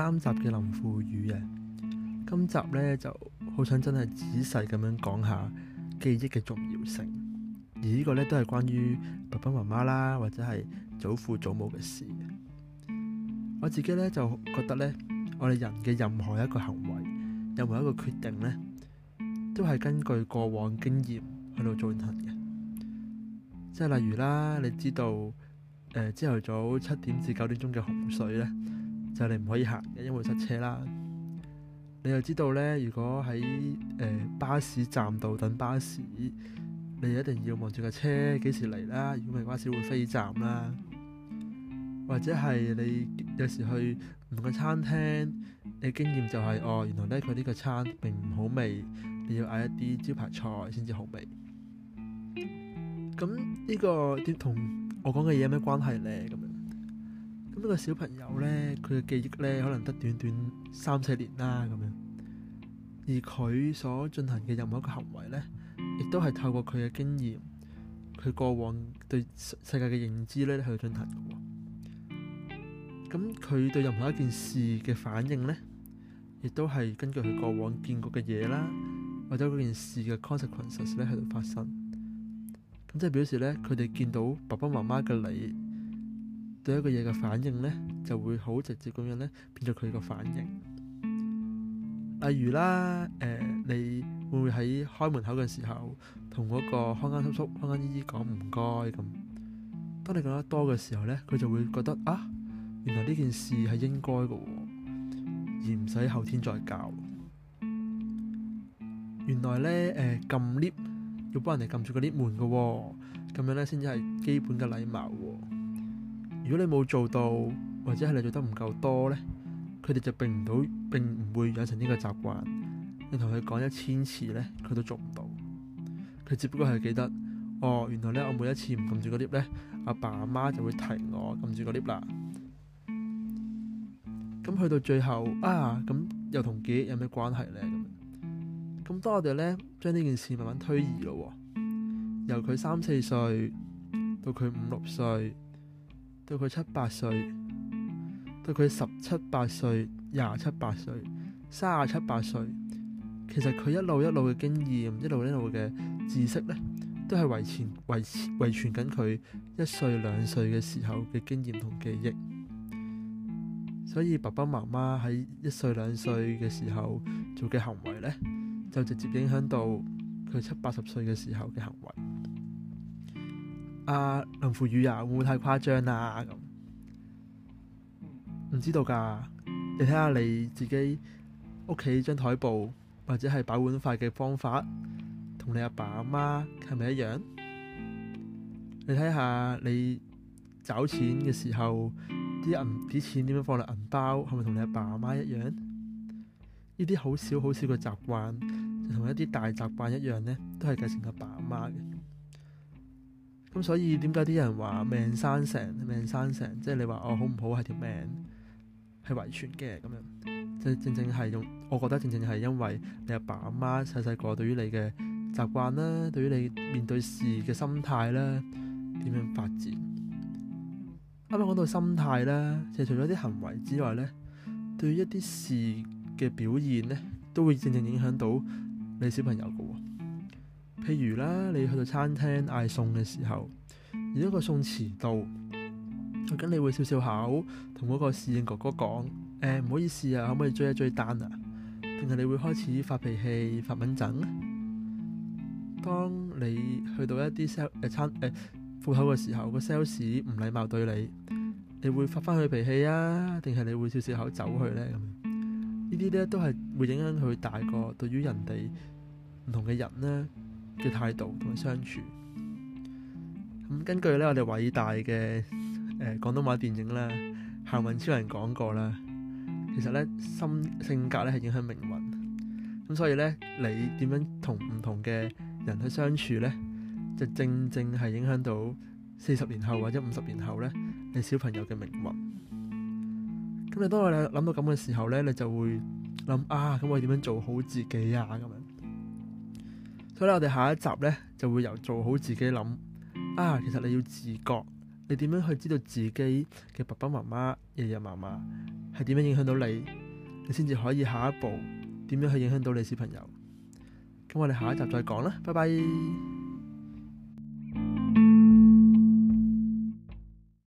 三集嘅林富宇呀，今集呢就好想真係仔細咁樣講下記憶嘅重要性，而呢個呢，都係關於爸爸媽媽啦，或者係祖父祖母嘅事。我自己呢，就覺得呢，我哋人嘅任何一個行為，任何一個決定呢，都係根據過往經驗去到進行嘅。即係例如啦，你知道誒朝頭早七點至九點鐘嘅洪水呢。就你唔可以行嘅，因為塞車啦。你又知道咧，如果喺誒、呃、巴士站度等巴士，你一定要望住架車幾時嚟啦。如果唔係，巴士會飛站啦。或者係你有時去唔同嘅餐廳，你經驗就係、是、哦，原來咧佢呢個餐並唔好味，你要嗌一啲招牌菜先至好味。咁呢個啲同我講嘅嘢有咩關係咧？咁咁呢個小朋友呢，佢嘅記憶呢可能得短短三四年啦，咁樣。而佢所進行嘅任何一個行為呢，亦都係透過佢嘅經驗，佢過往對世界嘅認知呢去進行嘅。咁佢對任何一件事嘅反應呢，亦都係根據佢過往見過嘅嘢啦，或者嗰件事嘅 consequences 呢喺度發生。咁即係表示呢，佢哋見到爸爸媽媽嘅禮，對一個嘢嘅反應咧，就會好直接咁樣咧，變咗佢個反應。例如啦，誒，你會唔會喺開門口嘅時候，同嗰個看更叔叔、看更姨姨講唔該咁？當你講得多嘅時候咧，佢就會覺得啊，原來呢件事係應該嘅，而唔使後天再教。原來咧，誒，撳 lift 要幫人哋撳住個 lift 門嘅，咁樣咧先至係基本嘅禮貌。如果你冇做到，或者係你做得唔夠多呢，佢哋就並唔到，並唔會養成呢個習慣。你同佢講一千次呢，佢都做唔到。佢只不過係記得哦，原來呢，我每一次唔撳住個 lift 呢，阿爸阿媽就會提我撳住個 lift 啦。咁去到最後啊，咁又同記憶有咩關係呢？咁咁當我哋呢，將呢件事慢慢推移咯，由佢三四歲到佢五六歲。到佢七八歲，到佢十七八歲、廿七八歲、三十七八歲，其實佢一路一路嘅經驗，一路一路嘅知識呢，都係維持、維持緊佢一歲兩歲嘅時候嘅經驗同記憶。所以爸爸媽媽喺一歲兩歲嘅時候做嘅行為呢，就直接影響到佢七八十歲嘅時候嘅行為。阿、啊、林父宇啊，會唔會太誇張啊？咁唔知道㗎，你睇下你自己屋企張台布或者係擺碗筷嘅方法，同你阿爸阿媽係咪一樣？你睇下你找錢嘅時候，啲銀啲錢點樣放落銀包，係咪同你阿爸阿媽，媽一樣？呢啲好少好少嘅習慣，就同一啲大習慣一樣呢，都係繼承阿爸阿媽嘅。咁所以點解啲人話命生成命生成？即係你話我、哦、好唔好係條命係遺傳嘅咁樣，即正正係用我覺得正正係因為你阿爸阿媽細細個對於你嘅習慣啦，對於你面對事嘅心態啦，點樣發展？啱啱講到心態啦，就除咗啲行為之外咧，對於一啲事嘅表現咧，都會正正影響到你小朋友嘅喎、哦。譬如啦，你去到餐廳嗌餸嘅時候，如果個餸遲到，究竟你會笑笑口同嗰個侍應哥哥講誒唔好意思啊，可唔可以追一追單啊？定係你會開始發脾氣、發蠻症咧？當你去到一啲 sell 誒餐誒鋪頭嘅時候，個 sales 唔禮貌對你，你會發翻佢脾氣啊？定係你會笑笑口走去呢？咁，呢啲咧都係會影響佢大個對於人哋唔同嘅人呢」嘅態度同佢相處，咁根據咧我哋偉大嘅誒、呃、廣東話電影咧《行運超人》講過啦，其實咧心性格咧係影響命運，咁所以咧你點樣同唔同嘅人去相處咧，就正正係影響到四十年後或者五十年後咧你小朋友嘅命運。咁你當你諗到咁嘅時候咧，你就會諗啊，咁我點樣做好自己啊咁樣。所以我哋下一集呢，就會由做好自己諗啊。其實你要自覺，你點樣去知道自己嘅爸爸媽媽、爺爺嫲嫲係點樣影響到你，你先至可以下一步點樣去影響到你小朋友。咁我哋下一集再講啦，拜拜。